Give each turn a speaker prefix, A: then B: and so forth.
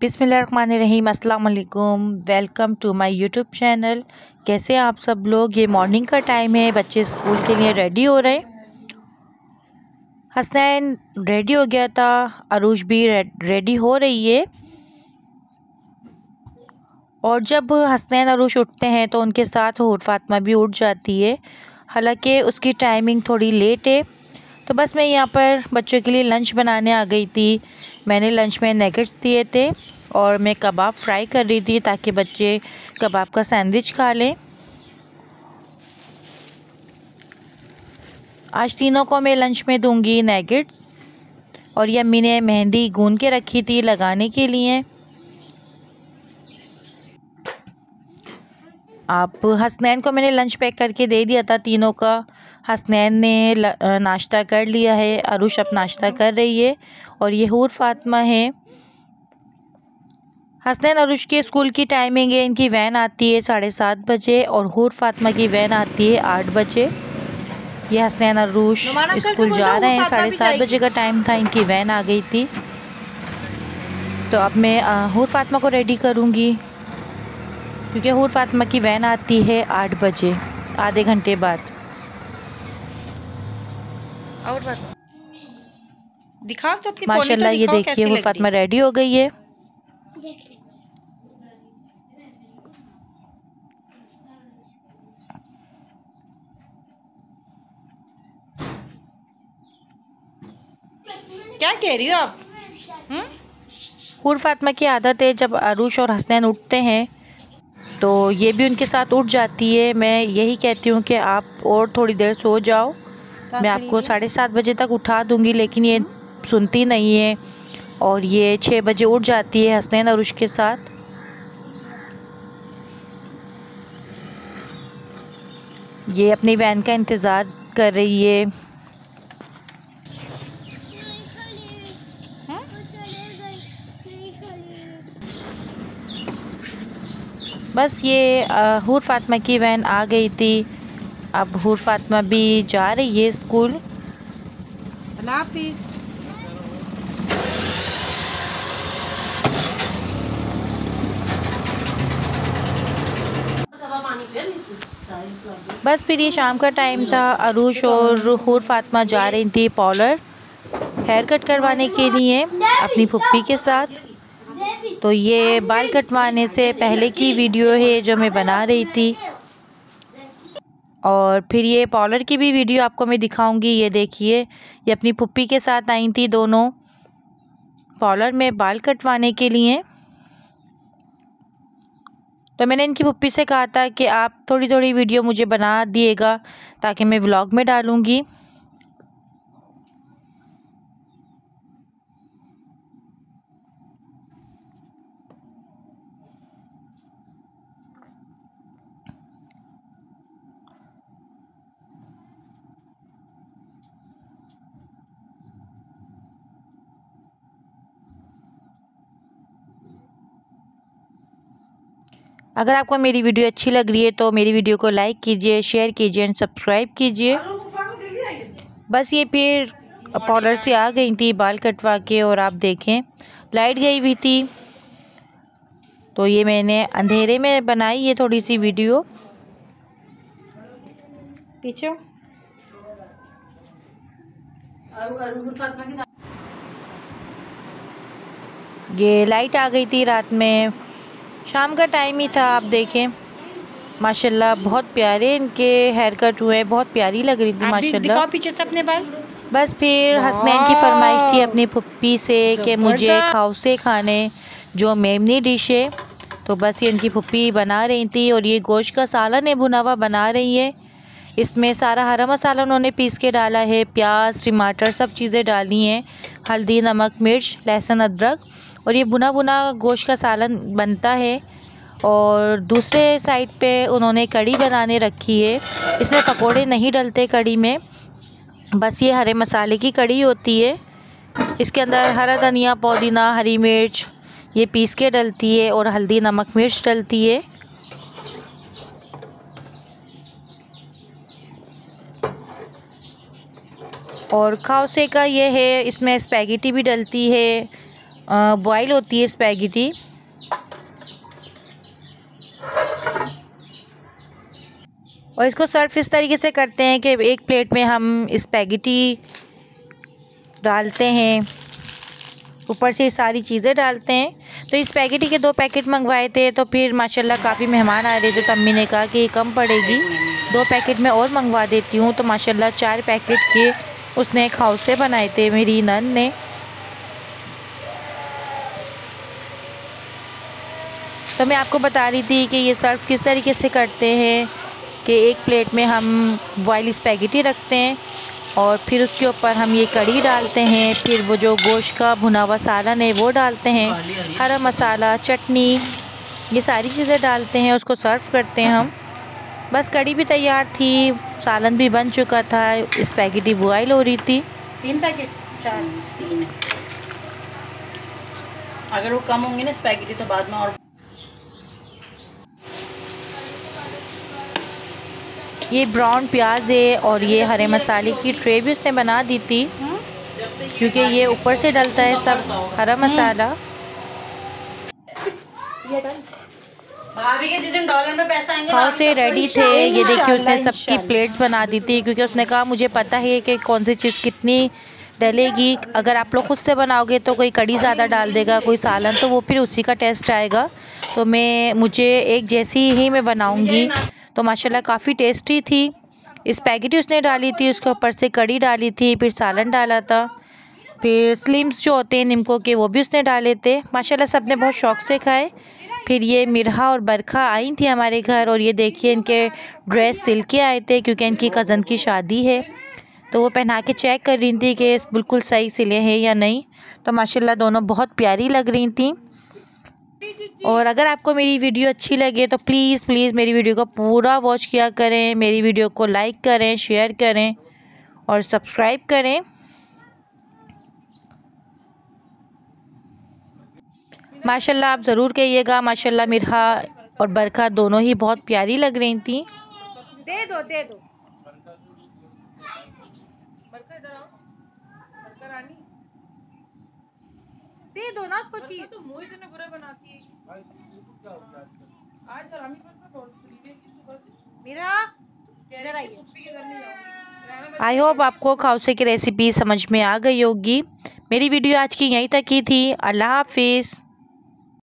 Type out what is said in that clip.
A: बिसमीम अल्लाम welcome to my YouTube channel कैसे आप सब लोग ये मॉर्निंग का टाइम है बच्चे स्कूल के लिए रेडी हो रहे हैं हसनैन रेडी हो गया था अरूज भी रेडी हो रही है और जब हसनैन अरूज उठते हैं तो उनके साथ हूर फातमा भी उठ जाती है हालांकि उसकी टाइमिंग थोड़ी लेट है तो बस मैं यहाँ पर बच्चों के लिए लंच बनाने आ गई थी मैंने लंच में नेगेट्स दिए थे और मैं कबाब फ्राई कर रही थी ताकि बच्चे कबाब का सैंडविच खा लें आज तीनों को मैं लंच में दूंगी नेगेट्स और ये अम्मी ने मेहंदी गून के रखी थी लगाने के लिए आप हसनैन को मैंने लंच पैक करके दे दिया था तीनों का हसनैन ने नाश्ता कर लिया है अरुश अब नाश्ता कर रही है और ये हूर फातमा है हसनैन अरुश के स्कूल की टाइमिंग है इनकी वैन आती है साढ़े सात बजे और हूर फातमा की वैन आती है आठ बजे ये हसनैन अरुश स्कूल जा रहे हैं साढ़े सात बजे का टाइम था इनकी वैन आ गई थी तो अब मैं हूर फातमा को रेडी करूँगी क्योंकि हूर फातमा की वैन आती है आठ बजे आधे घंटे बाद और बस दिखाओ तो अपनी माशाल्लाह ये देखिए वो फातिमा रेडी हो गई है क्या कह रही हो आप हूर हम्म? फातिमा की आदत है जब आरूष और हसनैन उठते हैं तो ये भी उनके साथ उठ जाती है मैं यही कहती हूँ कि आप और थोड़ी देर सो जाओ मैं आपको साढ़े सात बजे तक उठा दूंगी लेकिन ये सुनती नहीं है और ये छः बजे उठ जाती है हसनैन और उसके साथ ये अपनी वैन का इंतज़ार कर रही है बस ये हूर फातमा की वैन आ गई थी अब हूर फातमा भी जा रही है स्कूल बस फिर ये शाम का टाइम था अरूश और हूर फातमा जा रही थी पॉलर हेयर कट करवाने के लिए अपनी फुप्पी के साथ तो ये बाल कटवाने से पहले की वीडियो है जो मैं बना रही थी और फिर ये पॉलर की भी वीडियो आपको मैं दिखाऊंगी ये देखिए ये अपनी पुप्पी के साथ आई थी दोनों पॉलर में बाल कटवाने के लिए तो मैंने इनकी पुप्पी से कहा था कि आप थोड़ी थोड़ी वीडियो मुझे बना दिएगा ताकि मैं व्लॉग में डालूँगी अगर आपको मेरी वीडियो अच्छी लग रही है तो मेरी वीडियो को लाइक कीजिए शेयर कीजिए एंड सब्सक्राइब कीजिए बस ये फिर पाउडर से आ गई थी बाल कटवा के और आप देखें लाइट गई हुई थी तो ये मैंने अंधेरे में बनाई ये थोड़ी सी वीडियो पीछे ये लाइट आ गई थी रात में शाम का टाइम ही था आप देखें माशाल्लाह बहुत प्यारे इनके हेयर कट हुए बहुत प्यारी लग रही थी माशाल्लाह पीछे से अपने बाल बस फिर हसनैन की फरमाइश थी अपनी पप्पी से कि मुझे खाउसे खाने जो मेमनी डिश है तो बस ये इनकी पप्पी बना रही थी और ये गोश्त का सालन है भुना हुआ बना रही है इसमें सारा हरा मसाला उन्होंने पीस के डाला है प्याज टमाटर सब चीज़ें डाली हैं हल्दी नमक मिर्च लहसुन अदरक और ये बुना बुना गोश्त का सालन बनता है और दूसरे साइड पे उन्होंने कड़ी बनाने रखी है इसमें पकोड़े नहीं डलते कड़ी में बस ये हरे मसाले की कड़ी होती है इसके अंदर हरा धनिया पुदीना हरी मिर्च ये पीस के डलती है और हल्दी नमक मिर्च डलती है और खाउसे का ये है इसमें स्पैगेटी भी डलती है बॉईल होती है स्पैगेटी और इसको सर्व इस तरीके से करते हैं कि एक प्लेट में हम स्पैगेटी डालते हैं ऊपर से सारी चीज़ें डालते हैं तो इस पैकेटी के दो पैकेट मंगवाए थे तो फिर माशाल्लाह काफ़ी मेहमान आ रहे थे तो अम्मी ने कहा कि कम पड़ेगी दो पैकेट में और मंगवा देती हूँ तो माशाल्लाह चार पैकेट के उसने एक हाउसे बनाए थे मेरी नन ने तो मैं आपको बता रही थी कि ये सर्व किस तरीके से करते हैं कि एक प्लेट में हम बॉयल स्पैगेटी रखते हैं और फिर उसके ऊपर हम ये कड़ी डालते हैं फिर वो जो गोश्त का भुना हुआ सालन है वो डालते हैं हरा मसाला चटनी ये सारी चीज़ें डालते हैं उसको सर्व करते हैं हम बस कड़ी भी तैयार थी सालन भी बन चुका था स्पैगेटी बॉयल हो रही थी तीन पैकेट चार तीन अगर वो कम होंगे ना स्पैगेटी तो बाद में और ये ब्राउन प्याज है और ये हरे मसाले की ट्रे भी उसने बना दी थी क्योंकि ये ऊपर से डलता है सब हरा हम्म। मसाला खाओ से रेडी थे ये देखिए उसने सबकी प्लेट्स बना दी थी क्योंकि उसने कहा मुझे पता है कि कौन सी चीज़ कितनी डलेगी अगर आप लोग खुद से बनाओगे तो कोई कड़ी ज़्यादा डाल देगा कोई सालन तो वो फिर उसी का टेस्ट आएगा तो मैं मुझे एक जैसी ही मैं बनाऊँगी तो माशाल्लाह काफ़ी टेस्टी थी स्पैगेटी उसने डाली थी उसके ऊपर से कड़ी डाली थी फिर सालन डाला था फिर स्लिम्स जो होते हैं निमको के वो भी उसने डाले थे माशाल्लाह सब ने बहुत शौक से खाए फिर ये मिरहा और बरखा आई थी हमारे घर और ये देखिए इनके ड्रेस सिल के आए थे क्योंकि इनकी कज़न की शादी है तो वो पहना के चेक कर रही थी कि बिल्कुल सही सिले हैं या नहीं तो माशाल्लाह दोनों बहुत प्यारी लग रही थी और अगर आपको मेरी वीडियो अच्छी लगे तो प्लीज़ प्लीज़ मेरी वीडियो को पूरा वॉच किया करें मेरी वीडियो को लाइक करें शेयर करें और सब्सक्राइब करें माशाल्लाह आप ज़रूर कहिएगा माशाल्लाह मिरहा और बरखा दोनों ही बहुत प्यारी लग रही थी दे दो दे दो दे दो ना उसको चीज तो मोहित ने बुरा बनाती है भाई तू क्या हो गया आज तो रामी मेरा जरा आई होप आपको खाउसे की रेसिपी समझ में आ गई होगी मेरी वीडियो आज की यहीं तक ही थी अल्लाह हाफिज़